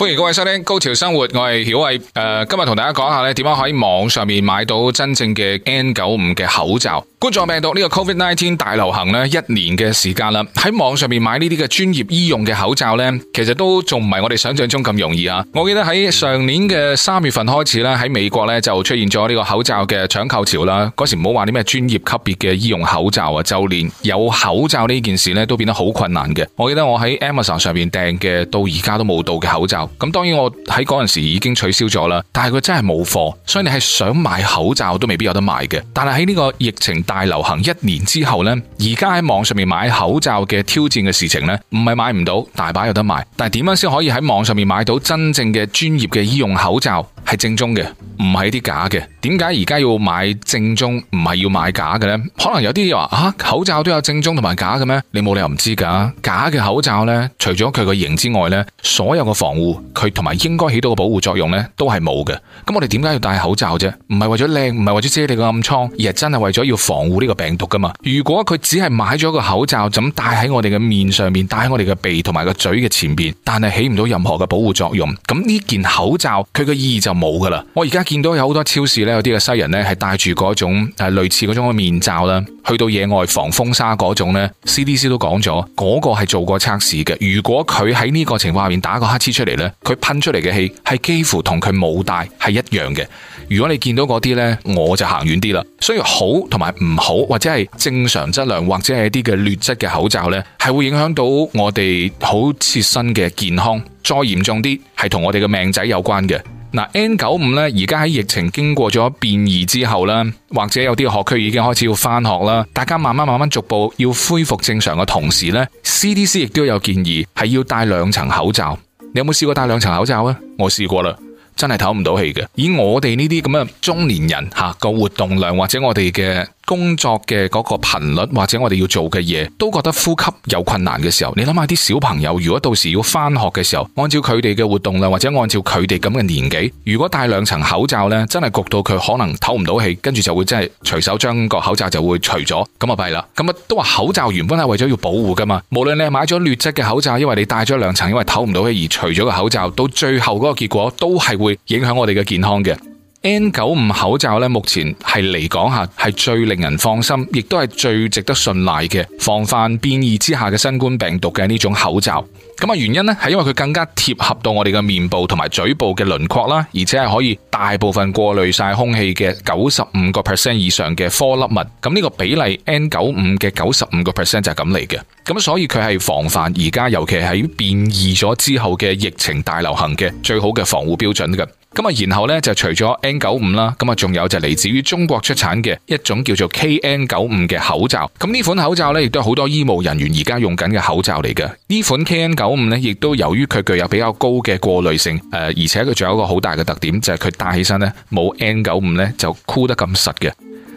歡迎各位收聽《高調生活》，我係曉慧。誒、呃，今日同大家講下咧，點樣可以喺網上面買到真正嘅 N 九五嘅口罩？冠狀病毒呢、呢個 Covid nineteen 大流行咧，一年嘅時間啦，喺網上面買呢啲嘅專業醫用嘅口罩咧，其實都仲唔係我哋想象中咁容易啊！我記得喺上年嘅三月份開始咧，喺美國咧就出現咗呢個口罩嘅搶購潮啦。嗰時唔好話啲咩專業級別嘅醫用口罩啊，就連有口罩呢件事咧都變得好困難嘅。我記得我喺 Amazon 上面訂嘅，到而家都冇到嘅口罩。咁當然我喺嗰陣時已經取消咗啦，但係佢真係冇貨，所以你係想買口罩都未必有得買嘅。但係喺呢個疫情大流行一年之後呢，而家喺網上面買口罩嘅挑戰嘅事情呢，唔係買唔到，大把有得買。但係點樣先可以喺網上面買到真正嘅專業嘅醫用口罩？係正宗嘅，唔係啲假嘅。點解而家要買正宗，唔係要買假嘅呢？可能有啲人話，啊，口罩都有正宗同埋假嘅咩？你冇理由唔知噶、啊。假嘅口罩呢，除咗佢個型之外呢，所有嘅防護佢同埋應該起到嘅保護作用呢，都係冇嘅。咁我哋點解要戴口罩啫？唔係為咗靚，唔係為咗遮你個暗瘡，而係真係為咗要防護呢個病毒噶嘛。如果佢只係買咗個口罩，咁戴喺我哋嘅面上面，戴喺我哋嘅鼻同埋個嘴嘅前面，但係起唔到任何嘅保護作用，咁呢件口罩佢嘅意義就。冇噶啦。我而家見到有好多超市咧，有啲嘅西人咧係戴住嗰種誒、啊、類似嗰種嘅面罩啦，去到野外防風沙嗰種咧。C D C 都講咗，嗰、那個係做過測試嘅。如果佢喺呢個情況下面打個乞嗤出嚟咧，佢噴出嚟嘅氣係幾乎同佢冇戴係一樣嘅。如果你見到嗰啲咧，我就行遠啲啦。所以好同埋唔好或者係正常質量或者係一啲嘅劣質嘅口罩咧，係會影響到我哋好切身嘅健康。再嚴重啲係同我哋嘅命仔有關嘅。N 九五咧，而家喺疫情經過咗變異之後啦，或者有啲學區已經開始要翻學啦，大家慢慢慢慢逐步要恢復正常嘅同時咧，CDC 亦都有建議係要戴兩層口罩。你有冇試過戴兩層口罩啊？我試過啦，真係唞唔到氣嘅。以我哋呢啲咁嘅中年人吓，個活動量或者我哋嘅。工作嘅嗰個頻率或者我哋要做嘅嘢，都覺得呼吸有困難嘅時候，你諗下啲小朋友，如果到時要翻學嘅時候，按照佢哋嘅活動量或者按照佢哋咁嘅年紀，如果戴兩層口罩呢，真係焗到佢可能透唔到氣，跟住就會真係隨手將個口罩就會除咗，咁啊弊啦，咁啊都話口罩原本係為咗要保護噶嘛，無論你係買咗劣質嘅口罩，因為你戴咗兩層，因為透唔到氣而除咗個口罩，到最後嗰個結果都係會影響我哋嘅健康嘅。N 九五口罩咧，目前係嚟講下係最令人放心，亦都係最值得信賴嘅，防範變異之下嘅新冠病毒嘅呢種口罩。咁啊原因咧，係因為佢更加貼合到我哋嘅面部同埋嘴部嘅輪廓啦，而且係可以大部分過濾晒空氣嘅九十五個 percent 以上嘅顆粒物。咁呢個比例 N 九五嘅九十五個 percent 就係咁嚟嘅。咁所以佢係防範而家尤其喺變異咗之後嘅疫情大流行嘅最好嘅防護標準嘅。咁啊，然後咧就除咗 N 九五啦，咁啊仲有就嚟自於中國出產嘅一種叫做 KN 九五嘅口罩。咁呢款口罩咧，亦都係好多醫務人員而家用緊嘅口罩嚟嘅。呢款 KN 九 N95 咧，亦都由於佢具有比較高嘅過濾性，誒、呃，而且佢仲有一個好大嘅特點，就係佢戴起身咧冇 N95 咧就箍得咁實嘅。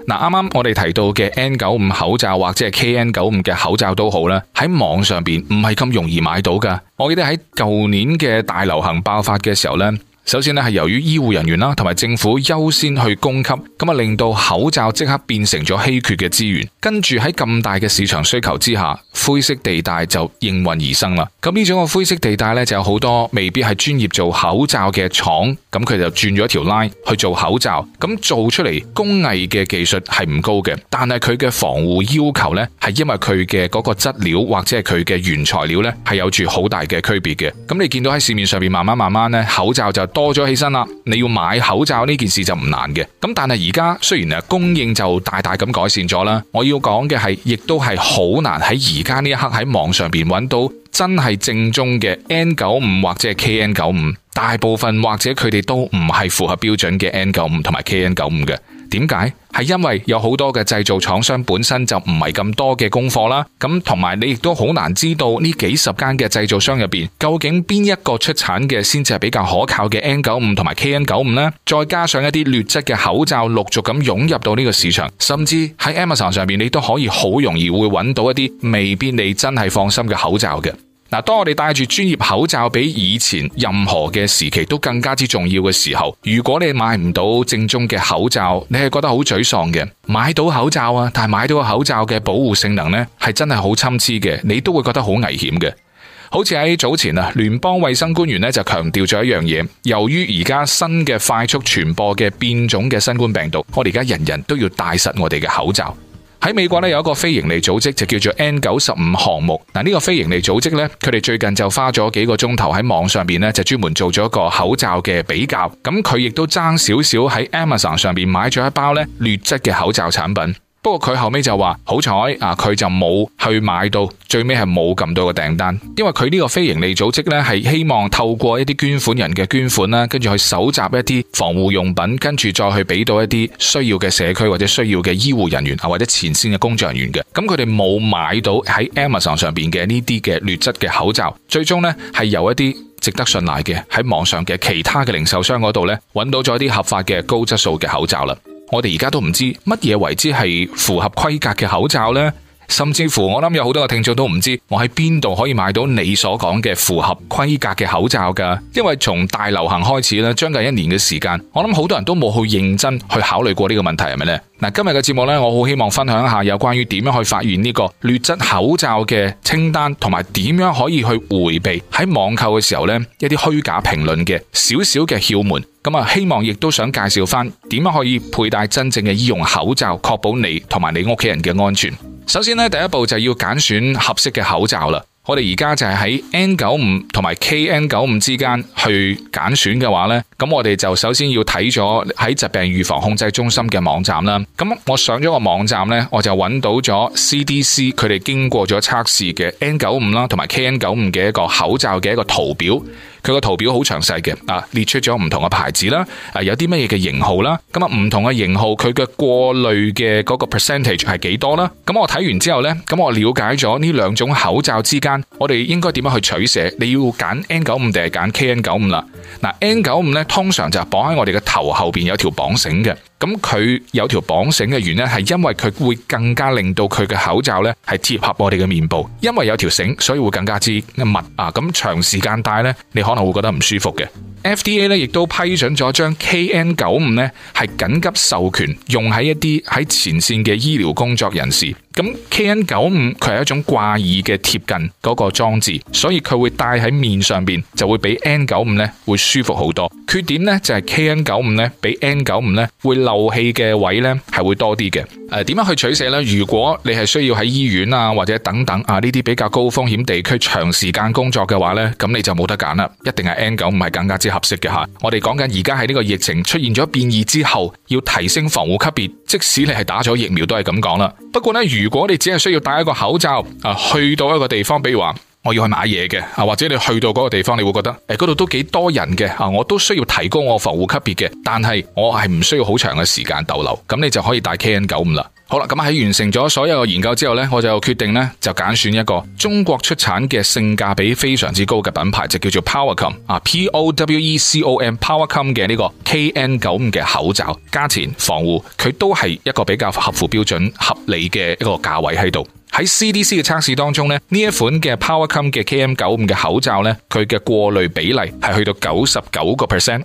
嗱，啱啱我哋提到嘅 N95 口罩或者係 KN95 嘅口罩都好啦，喺網上邊唔係咁容易買到噶。我記得喺舊年嘅大流行爆發嘅時候咧，首先咧係由於醫護人員啦同埋政府優先去供給。咁啊，令到口罩即刻變成咗稀缺嘅資源，跟住喺咁大嘅市場需求之下，灰色地帶就應運而生啦。咁呢種嘅灰色地帶咧，就有好多未必係專業做口罩嘅廠，咁佢就轉咗一條 line 去做口罩，咁做出嚟工藝嘅技術係唔高嘅，但係佢嘅防護要求咧，係因為佢嘅嗰個質料或者係佢嘅原材料咧，係有住好大嘅區別嘅。咁你見到喺市面上面慢慢慢慢咧，口罩就多咗起身啦。你要買口罩呢件事就唔難嘅，咁但係而家雖然啊供應就大大咁改善咗啦，我要講嘅係，亦都係好難喺而家呢一刻喺網上邊揾到真係正,正宗嘅 N 九五或者係 KN 九五，大部分或者佢哋都唔係符合標準嘅 N 九五同埋 KN 九五嘅。點解？係因為有好多嘅製造廠商本身就唔係咁多嘅功課啦，咁同埋你亦都好難知道呢幾十間嘅製造商入邊究竟邊一個出產嘅先至係比較可靠嘅 N95 同埋 KN95 呢？再加上一啲劣質嘅口罩陸續咁湧入到呢個市場，甚至喺 Amazon 上面，你都可以好容易會揾到一啲未必你真係放心嘅口罩嘅。嗱，當我哋戴住專業口罩，比以前任何嘅時期都更加之重要嘅時候，如果你買唔到正宗嘅口罩，你係覺得好沮喪嘅；買到口罩啊，但係買到個口罩嘅保護性能咧，係真係好參差嘅，你都會覺得好危險嘅。好似喺早前啊，聯邦衛生官員咧就強調咗一樣嘢，由於而家新嘅快速傳播嘅變種嘅新冠病毒，我哋而家人人都要戴實我哋嘅口罩。喺美國有一個非營利組織就叫做 N 九十五項目，嗱、這、呢個非營利組織咧，佢哋最近就花咗幾個鐘頭喺網上邊就專門做咗個口罩嘅比較，咁佢亦都爭少少喺 Amazon 上面買咗一包劣質嘅口罩產品。不過佢後尾就話好彩啊，佢就冇去買到，最尾係冇咁多嘅訂單，因為佢呢個非營利組織呢，係希望透過一啲捐款人嘅捐款啦，跟住去搜集一啲防護用品，跟住再去俾到一啲需要嘅社區或者需要嘅醫護人員啊或者前線嘅工作人員嘅，咁佢哋冇買到喺 Amazon 上邊嘅呢啲嘅劣質嘅口罩，最終呢，係由一啲值得信賴嘅喺網上嘅其他嘅零售商嗰度呢，揾到咗一啲合法嘅高質素嘅口罩啦。我哋而家都唔知乜嘢為之係符合規格嘅口罩呢？甚至乎我諗有好多嘅聽眾都唔知我喺邊度可以買到你所講嘅符合規格嘅口罩噶。因為從大流行開始咧，將近一年嘅時間，我諗好多人都冇去認真去考慮過呢個問題係咪呢？嗱，今日嘅節目咧，我好希望分享下有關於點樣去發現呢個劣質口罩嘅清單，同埋點樣可以去回避喺網購嘅時候咧一啲虛假評論嘅小小嘅竅門。咁啊，希望亦都想介紹翻點樣可以佩戴真正嘅醫用口罩，確保你同埋你屋企人嘅安全。首先咧，第一步就要揀選合適嘅口罩啦。我哋而家就係喺 N 九五同埋 KN 九五之間去揀選嘅話呢，咁我哋就首先要睇咗喺疾病預防控制中心嘅網站啦。咁我上咗個網站呢，我就揾到咗 CDC 佢哋經過咗測試嘅 N 九五啦，同埋 KN 九五嘅一個口罩嘅一個圖表。佢個圖表好詳細嘅，啊列出咗唔同嘅牌子啦，啊有啲乜嘢嘅型號啦，咁啊唔同嘅型號佢嘅過濾嘅嗰個 percentage 係幾多啦？咁我睇完之後呢，咁我了解咗呢兩種口罩之間，我哋應該點樣去取捨？你要揀 N95 定係揀 KN95 啦？嗱，N95 呢，通常就係綁喺我哋嘅頭後邊有條綁繩嘅。咁佢有條綁繩嘅原因係因為佢會更加令到佢嘅口罩呢係貼合我哋嘅面部，因為有條繩，所以會更加之密啊！咁長時間戴呢，你可能會覺得唔舒服嘅。FDA 呢亦都批准咗將 KN 九五呢係緊急授權用喺一啲喺前線嘅醫療工作人士。咁 K N 九五佢係一種掛耳嘅貼近嗰個裝置，所以佢會戴喺面上邊就會比 N 九五咧會舒服好多。缺點咧就係、是、K N 九五咧比 N 九五咧會漏氣嘅位咧係會多啲嘅。誒點樣去取捨咧？如果你係需要喺醫院啊或者等等啊呢啲比較高風險地區長時間工作嘅話咧，咁你就冇得揀啦，一定係 N 九五係更加之合適嘅嚇。我哋講緊而家喺呢個疫情出現咗變異之後，要提升防護級別，即使你係打咗疫苗都係咁講啦。不過咧如如果你只係需要戴一個口罩啊，去到一個地方，比如話我要去買嘢嘅啊，或者你去到嗰個地方，你會覺得誒，嗰度都幾多人嘅啊，我都需要提高我防護級別嘅，但係我係唔需要好長嘅時間逗留，咁你就可以戴 KN 九五啦。好啦，咁喺完成咗所有嘅研究之後呢，我就決定呢，就揀選一個中國出產嘅性價比非常之高嘅品牌，就叫做 Powercom 啊、e、，P-O-W-E-C-O-M，Powercom 嘅呢個 K N 九五嘅口罩，價錢防護佢都係一個比較合乎標準、合理嘅一個價位喺度。喺 CDC 嘅測試當中呢，呢一款嘅 Powercom 嘅 K N 九五嘅口罩呢，佢嘅過濾比例係去到九十九個 percent。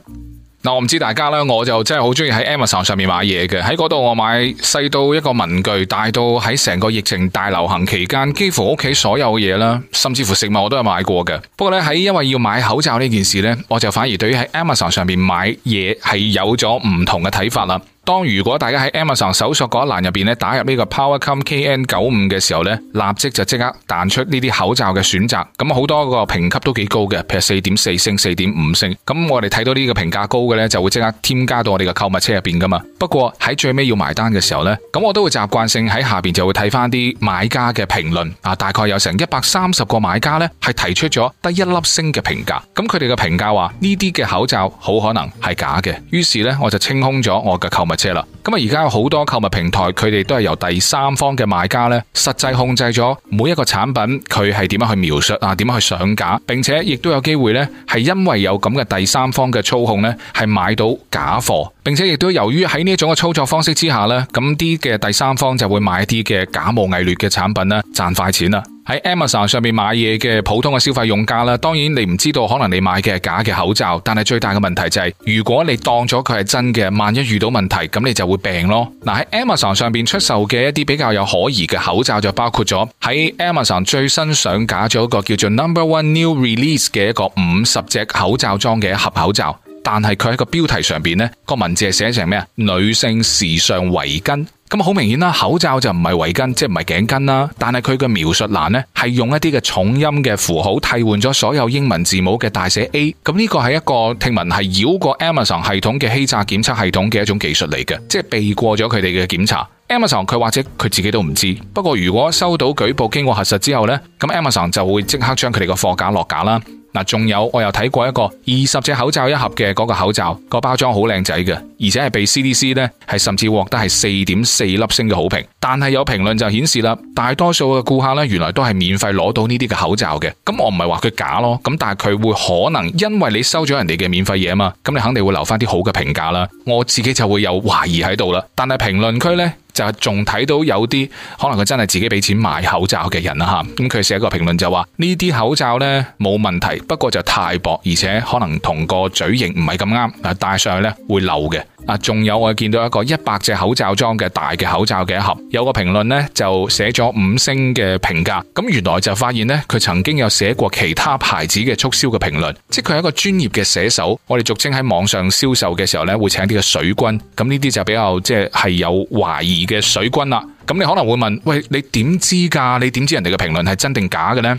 我唔知大家咧，我就真係好中意喺 Amazon 上面買嘢嘅。喺嗰度我買細到一個文具，大到喺成個疫情大流行期間，幾乎屋企所有嘢啦，甚至乎食物我都有買過嘅。不過咧喺因為要買口罩呢件事咧，我就反而對於喺 Amazon 上面買嘢係有咗唔同嘅睇法啦。當如果大家喺 Amazon 搜索嗰一欄入邊咧，打入呢個 PowerCom、um、KN 九五嘅時候咧，立即就即刻彈出呢啲口罩嘅選擇。咁、嗯、好多個評級都幾高嘅，譬如四點四星、四點五星。咁、嗯、我哋睇到呢個評價高嘅咧，就會即刻添加到我哋嘅購物車入邊噶嘛。不過喺最尾要埋單嘅時候咧，咁、嗯、我都會習慣性喺下邊就會睇翻啲買家嘅評論啊。大概有成一百三十個買家咧係提出咗得一粒星嘅評價。咁佢哋嘅評價話呢啲嘅口罩好可能係假嘅。於是咧我就清空咗我嘅購物。啫啦，咁啊而家有好多購物平台，佢哋都係由第三方嘅賣家咧，實際控制咗每一個產品，佢係點樣去描述啊？點樣去上架，並且亦都有機會咧，係因為有咁嘅第三方嘅操控咧，係買到假貨，並且亦都由於喺呢一種嘅操作方式之下咧，咁啲嘅第三方就會買啲嘅假冒偽劣嘅產品咧，賺快錢啦。喺 Amazon 上面買嘢嘅普通嘅消費用家啦，當然你唔知道可能你買嘅係假嘅口罩，但係最大嘅問題就係，如果你當咗佢係真嘅，萬一遇到問題，咁你就會病咯。嗱，喺 Amazon 上面出售嘅一啲比較有可疑嘅口罩就包括咗喺 Amazon 最新上架咗一個叫做 Number One New Release 嘅一個五十隻口罩裝嘅一盒口罩，但係佢喺個標題上面呢，個文字係寫成咩啊？女性時尚圍巾。咁好明顯啦，口罩就唔係圍巾，即係唔係頸巾啦。但係佢嘅描述欄呢，係用一啲嘅重音嘅符號替換咗所有英文字母嘅大寫 A。咁呢個係一個聽聞係繞過 Amazon 系統嘅欺詐檢測系統嘅一種技術嚟嘅，即係避過咗佢哋嘅檢查。Amazon 佢或者佢自己都唔知。不過如果收到舉報，經過核實之後呢，咁 Amazon 就會即刻將佢哋嘅貨架落架啦。嗱，仲有我又睇過一個二十隻口罩一盒嘅嗰個口罩，個包裝好靚仔嘅，而且係被 CDC 呢，係甚至獲得係四點四粒星嘅好評。但係有評論就顯示啦，大多數嘅顧客呢，原來都係免費攞到呢啲嘅口罩嘅。咁我唔係話佢假咯，咁但係佢會可能因為你收咗人哋嘅免費嘢啊嘛，咁你肯定會留翻啲好嘅評價啦。我自己就會有懷疑喺度啦，但係評論區呢。就係仲睇到有啲可能佢真係自己俾錢買口罩嘅人啦嚇，咁佢寫一個評論就話：呢啲口罩呢冇問題，不過就太薄，而且可能同個嘴型唔係咁啱，戴上去呢會漏嘅。啊，仲有我見到一個一百隻口罩裝嘅大嘅口罩嘅一盒，有個評論呢就寫咗五星嘅評價，咁原來就發現呢，佢曾經有寫過其他牌子嘅促銷嘅評論，即佢係一個專業嘅寫手。我哋俗稱喺網上銷售嘅時候呢，會請啲嘅水軍，咁呢啲就比較即係、就是、有懷疑嘅水軍啦。咁你可能會問，「喂，你點知噶？你點知人哋嘅評論係真定假嘅呢？」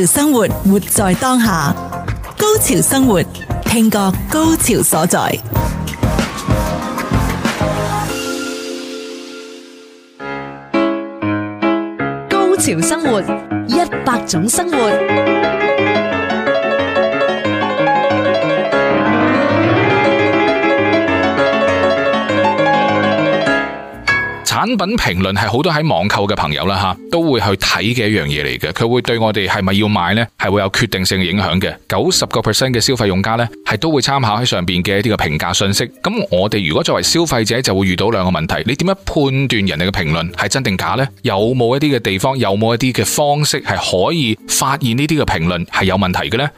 高潮生活，活在當下。高潮生活，聽覺高潮所在。高潮生活，一百種生活。產品評論係好多喺網購嘅朋友啦，吓都會去。睇嘅一樣嘢嚟嘅，佢會對我哋係咪要買呢？係會有決定性影響嘅。九十個 percent 嘅消費用家呢，係都會參考喺上邊嘅一啲嘅評價信息。咁我哋如果作為消費者，就會遇到兩個問題：你點樣判斷人哋嘅評論係真定假呢？有冇一啲嘅地方，有冇一啲嘅方式係可以發現呢啲嘅評論係有問題嘅呢？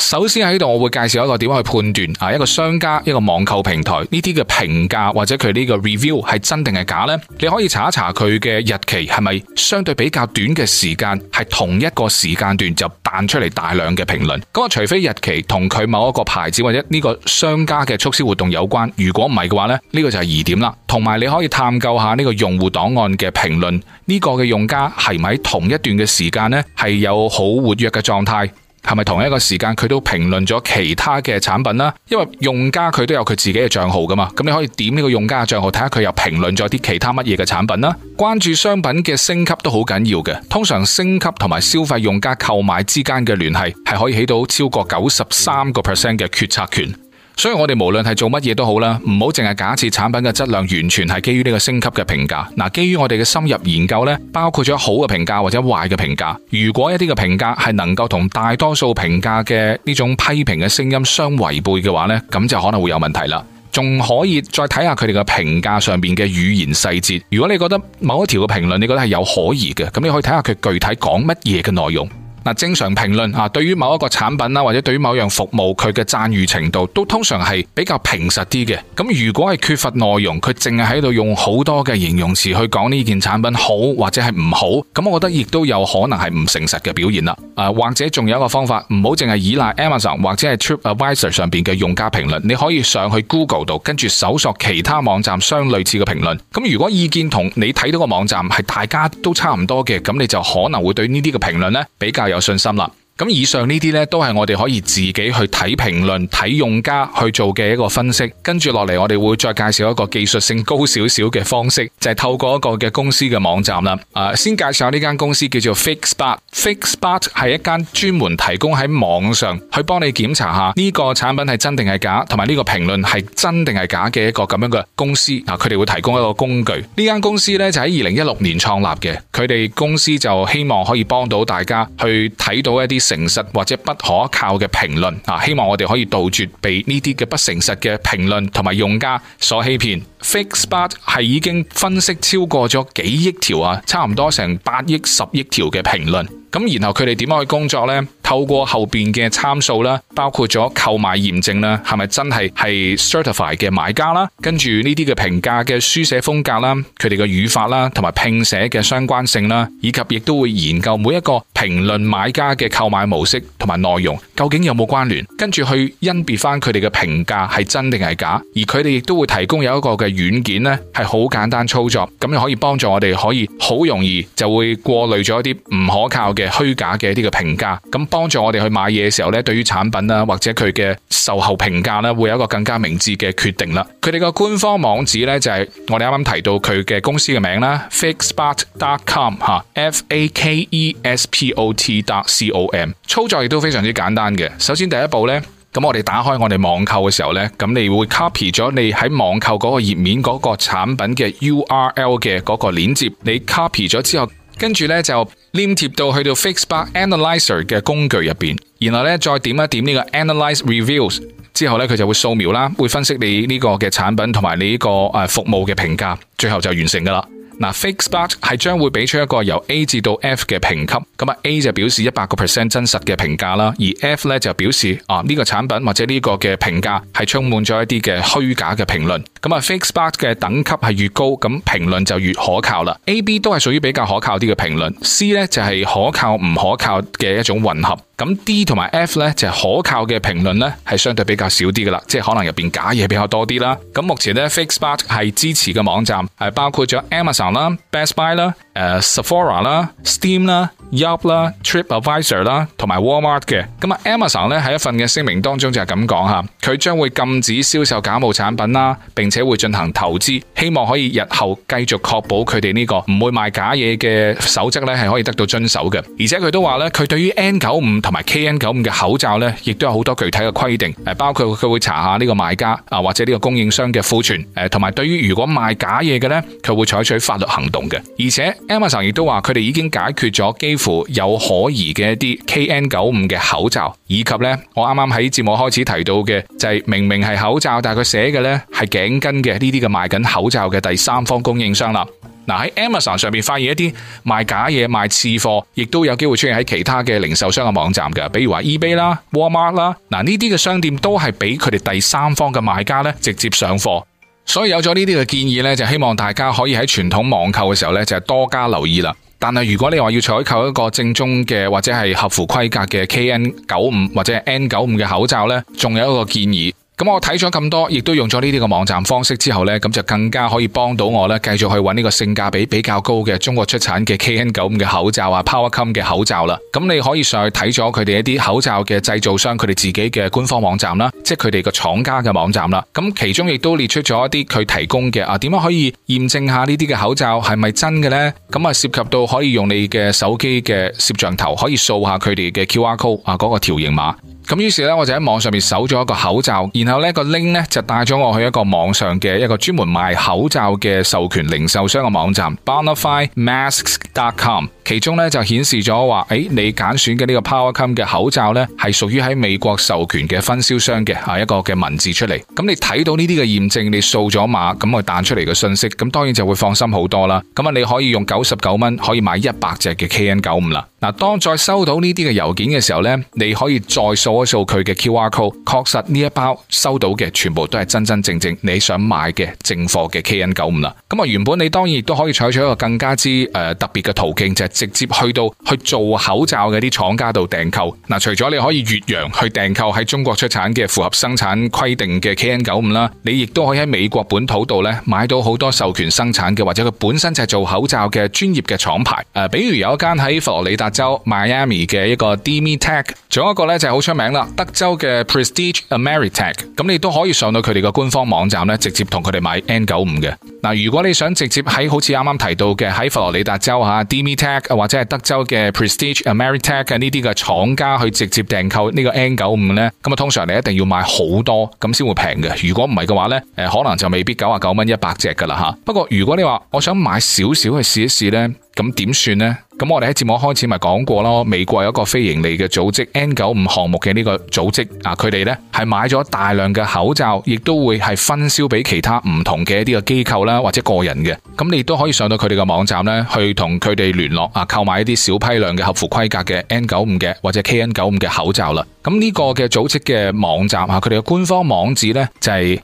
首先喺呢度，我會介紹一個點樣去判斷啊一個商家、一個網購平台呢啲嘅評價或者佢呢個 review 係真定係假咧？你可以查一查佢嘅日期係咪相對比較短嘅時間，係同一個時間段就彈出嚟大量嘅評論？咁啊，除非日期同佢某一個牌子或者呢個商家嘅促銷活動有關，如果唔係嘅話咧，呢個就係疑點啦。同埋你可以探究下呢個用戶檔案嘅評論，呢個嘅用家係咪喺同一段嘅時間咧係有好活躍嘅狀態？係咪同一個時間佢都評論咗其他嘅產品啦？因為用家佢都有佢自己嘅賬號㗎嘛，咁你可以點呢個用家嘅賬號睇下佢又評論咗啲其他乜嘢嘅產品啦。關注商品嘅升級都好緊要嘅，通常升級同埋消費用家購買之間嘅聯繫係可以起到超過九十三個 percent 嘅決策權。所以我哋無論係做乜嘢都好啦，唔好淨係假設產品嘅質量完全係基於呢個星級嘅評價。嗱，基於我哋嘅深入研究咧，包括咗好嘅評價或者壞嘅評價。如果一啲嘅評價係能夠同大多數評價嘅呢種批評嘅聲音相違背嘅話呢，咁就可能會有問題啦。仲可以再睇下佢哋嘅評價上面嘅語言細節。如果你覺得某一條嘅評論你覺得係有可疑嘅，咁你可以睇下佢具體講乜嘢嘅內容。嗱，正常評論嚇，對於某一個產品啦，或者對於某樣服務，佢嘅讚譽程度都通常係比較平實啲嘅。咁如果係缺乏內容，佢淨係喺度用好多嘅形容詞去講呢件產品好或者係唔好，咁我覺得亦都有可能係唔誠實嘅表現啦。誒，或者仲有一個方法，唔好淨係依賴 Amazon 或者係 TripAdvisor 上邊嘅用家評論，你可以上去 Google 度跟住搜索其他網站相類似嘅評論。咁如果意見同你睇到個網站係大家都差唔多嘅，咁你就可能會對呢啲嘅評論呢比較有信心啦。咁以上呢啲咧，都係我哋可以自己去睇評論、睇用家去做嘅一個分析。跟住落嚟，我哋會再介紹一個技術性高少少嘅方式，就係、是、透過一個嘅公司嘅網站啦。啊，先介紹下呢間公司叫做 Fakespot。Fakespot 係一間專門提供喺網上去幫你檢查下呢個產品係真定係假，同埋呢個評論係真定係假嘅一個咁樣嘅公司。啊，佢哋會提供一個工具。呢間公司呢，就喺二零一六年創立嘅，佢哋公司就希望可以幫到大家去睇到一啲。誠實或者不可靠嘅評論啊，希望我哋可以杜絕被呢啲嘅不誠實嘅評論同埋用家所欺騙。 Fakespot 係已經分析超過咗幾億條啊，差唔多成八億、十億條嘅評論，咁然後佢哋點樣去工作呢？透過後邊嘅參數啦，包括咗購買驗證啦，係咪真係係 certify 嘅買家啦？跟住呢啲嘅評價嘅書寫風格啦，佢哋嘅語法啦，同埋拼寫嘅相關性啦，以及亦都會研究每一個評論買家嘅購買模式同埋內容，究竟有冇關聯？跟住去甄別翻佢哋嘅評價係真定係假，而佢哋亦都會提供有一個嘅軟件呢，係好簡單操作，咁又可以幫助我哋可以好容易就會過濾咗一啲唔可靠嘅虛假嘅呢個評價，咁幫助我哋去買嘢嘅時候咧，對於產品啦或者佢嘅售後評價啦，會有一個更加明智嘅決定啦。佢哋個官方網址咧就係我哋啱啱提到佢嘅公司嘅名啦，fakespot.com 吓，f a k e s p o t dot c o m。操作亦都非常之簡單嘅。首先第一步呢，咁我哋打開我哋網購嘅時候呢，咁你會 copy 咗你喺網購嗰個頁面嗰個產品嘅 U R L 嘅嗰個鏈接，你 copy 咗之後，跟住呢就。粘貼到去到 Fixbar Analyzer 嘅工具入面，然後咧再點一點呢個 Analyze Reviews 之後呢，佢就會掃描啦，會分析你呢個嘅產品同埋你呢個服務嘅評價，最後就完成㗎喇。嗱，Fakespot 係將會俾出一個由 A 至到 F 嘅評級，咁啊 A 就表示一百個 percent 真實嘅評價啦，而 F 咧就表示啊呢個產品或者呢個嘅評價係充滿咗一啲嘅虛假嘅評論。咁啊，Fakespot 嘅等級係越高，咁評論就越可靠啦。A、B 都係屬於比較可靠啲嘅評論，C 咧就係可靠唔可靠嘅一種混合。咁 D 同埋 F 咧就係可靠嘅評論咧係相對比較少啲㗎啦，即係可能入邊假嘢比較多啲啦。咁目前咧 Fakespot 係支持嘅網站係包括咗 Amazon。啦，Best Buy 啦，uh，誒，Sephora 啦，Steam 啦 Yelp 啦，TripAdvisor 啦，同埋 Walmart 嘅，咁啊，Amazon 咧喺一份嘅聲明當中就係咁講吓，佢將會禁止銷售假冒產品啦，並且會進行投資，希望可以日後繼續確保佢哋呢個唔會賣假嘢嘅守則咧係可以得到遵守嘅，而且佢都話咧佢對於 N 九五同埋 KN 九五嘅口罩咧，亦都有好多具體嘅規定，誒，包括佢會查下呢個賣家啊或者呢個供應商嘅庫存，誒，同埋對於如果賣假嘢嘅咧，佢會採取法。行動嘅，而且 Amazon 亦都話佢哋已經解決咗幾乎有可疑嘅一啲 KN 九五嘅口罩，以及呢，我啱啱喺節目開始提到嘅，就係、是、明明係口罩，但係佢寫嘅呢係頸巾嘅呢啲嘅賣緊口罩嘅第三方供應商啦。嗱、啊、喺 Amazon 上面發現一啲賣假嘢、賣次貨，亦都有機會出現喺其他嘅零售商嘅網站嘅，比如話 eBay 啦、啊、Walmart 啦，嗱呢啲嘅商店都係俾佢哋第三方嘅賣家呢直接上貨。所以有咗呢啲嘅建議呢，就希望大家可以喺傳統網購嘅時候呢，就多加留意啦。但係如果你話要採購一個正宗嘅或者係合乎規格嘅 KN95 或者 N95 嘅口罩呢，仲有一個建議。咁我睇咗咁多，亦都用咗呢啲嘅網站方式之後呢，咁就更加可以幫到我呢，繼續去揾呢個性價比比較高嘅中國出產嘅 KN95 嘅口罩啊，Powacam 嘅口罩啦。咁你可以上去睇咗佢哋一啲口罩嘅製造商，佢哋自己嘅官方網站啦，即係佢哋個廠家嘅網站啦。咁其中亦都列出咗一啲佢提供嘅啊，點樣可以驗證下呢啲嘅口罩係咪真嘅呢？咁啊，涉及到可以用你嘅手機嘅攝像頭，可以掃下佢哋嘅 QR code 啊，嗰個條形碼。咁於是咧，我就喺網上邊搜咗一個口罩，然後咧個 link 咧就帶咗我去一個網上嘅一個專門賣口罩嘅授權零售商嘅網站 bonafiremasks.com 其中咧就顯示咗話，誒、哎、你揀選嘅呢個 PowerCom 嘅口罩呢，係屬於喺美國授權嘅分銷商嘅，係一個嘅文字出嚟。咁你睇到呢啲嘅驗證，你掃咗碼，咁啊彈出嚟嘅信息，咁當然就會放心好多啦。咁啊，你可以用九十九蚊可以買一百隻嘅 KN 九五啦。嗱，當再收到呢啲嘅郵件嘅時候呢，你可以再掃一掃佢嘅 QR code，確實呢一包收到嘅全部都係真真正正你想買嘅正貨嘅 KN 九五啦。咁啊，原本你當然亦都可以採取一個更加之誒、呃、特別嘅途徑啫。就係直接去到去做口罩嘅啲廠家度訂購。嗱，除咗你可以越洋去訂購喺中國出產嘅符合生產規定嘅 KN 九五啦，你亦都可以喺美國本土度咧買到好多授權生產嘅或者佢本身就係做口罩嘅專業嘅廠牌誒、啊，比如有一間喺佛羅里達州邁阿密嘅一個 DemeTech，仲有一個咧就係好出名啦，德州嘅 Prestige Ameritech，咁你都可以上到佢哋嘅官方網站咧，直接同佢哋買 N 九五嘅嗱。如果你想直接喺好似啱啱提到嘅喺佛羅里達州吓 DemeTech。啊或者係德州嘅 Prestige Amer、啊、Ameritech 呢啲嘅廠家去直接訂購呢個 N 九五咧，咁啊通常你一定要買好多咁先會平嘅。如果唔係嘅話咧，誒可能就未必九啊九蚊一百隻噶啦吓。不過如果你話我想買少少去試一試咧，咁點算咧？咁我哋喺節目開始咪講過咯，美國有一個非盈利嘅組織 N95 項目嘅呢個組織啊，佢哋呢係買咗大量嘅口罩，亦都會係分銷俾其他唔同嘅一啲嘅機構啦，或者個人嘅。咁你亦都可以上到佢哋嘅網站呢，去同佢哋聯絡啊，購買一啲小批量嘅合符規格嘅 N95 嘅或者 KN95 嘅口罩啦。咁呢個嘅組織嘅網站吓，佢哋嘅官方網址呢，就係、是、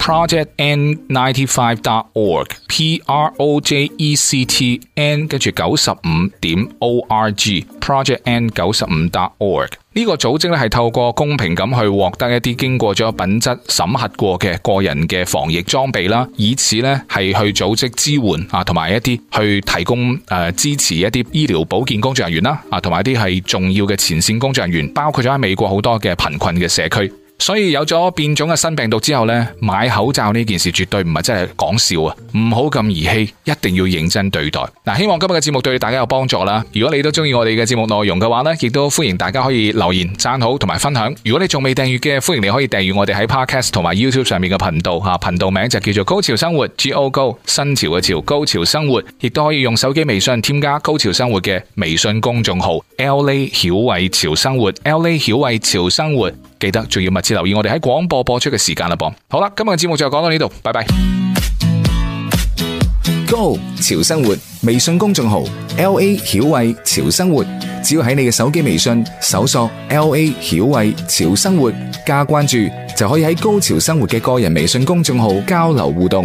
projectn95.org，P-R-O-J-E-C-T-N，跟住九十五點，R o J e C T n, Org Project N95.org，呢個組織咧係透過公平咁去獲得一啲經過咗品質審核過嘅個人嘅防疫裝備啦，以此咧係去組織支援啊，同埋一啲去提供誒支持一啲醫療保健工作人員啦，啊同埋一啲係重要嘅前綫工作人員，包括咗喺美國好多嘅貧困嘅社區。所以有咗變種嘅新病毒之後呢，買口罩呢件事絕對唔係真係講笑啊！唔好咁兒戲，一定要認真對待。嗱，希望今日嘅節目對大家有幫助啦。如果你都中意我哋嘅節目內容嘅話呢，亦都歡迎大家可以留言、讚好同埋分享。如果你仲未訂閱嘅，歡迎你可以訂閱我哋喺 Podcast 同埋 YouTube 上面嘅頻道啊。頻道名就叫做《高潮生活》G O G 新潮嘅潮，高潮生活亦都可以用手機微信添加《高潮生活》嘅微信公眾號 L A 曉慧潮生活，L A 曉慧潮生活。記得仲要密切留意我哋喺廣播播出嘅時間啦噃，好啦，今日嘅節目就講到呢度，拜拜。高潮生活微信公眾號 L A 曉慧潮生活，只要喺你嘅手機微信搜索 L A 曉慧潮生活加關注，就可以喺高潮生活嘅個人微信公眾號交流互動。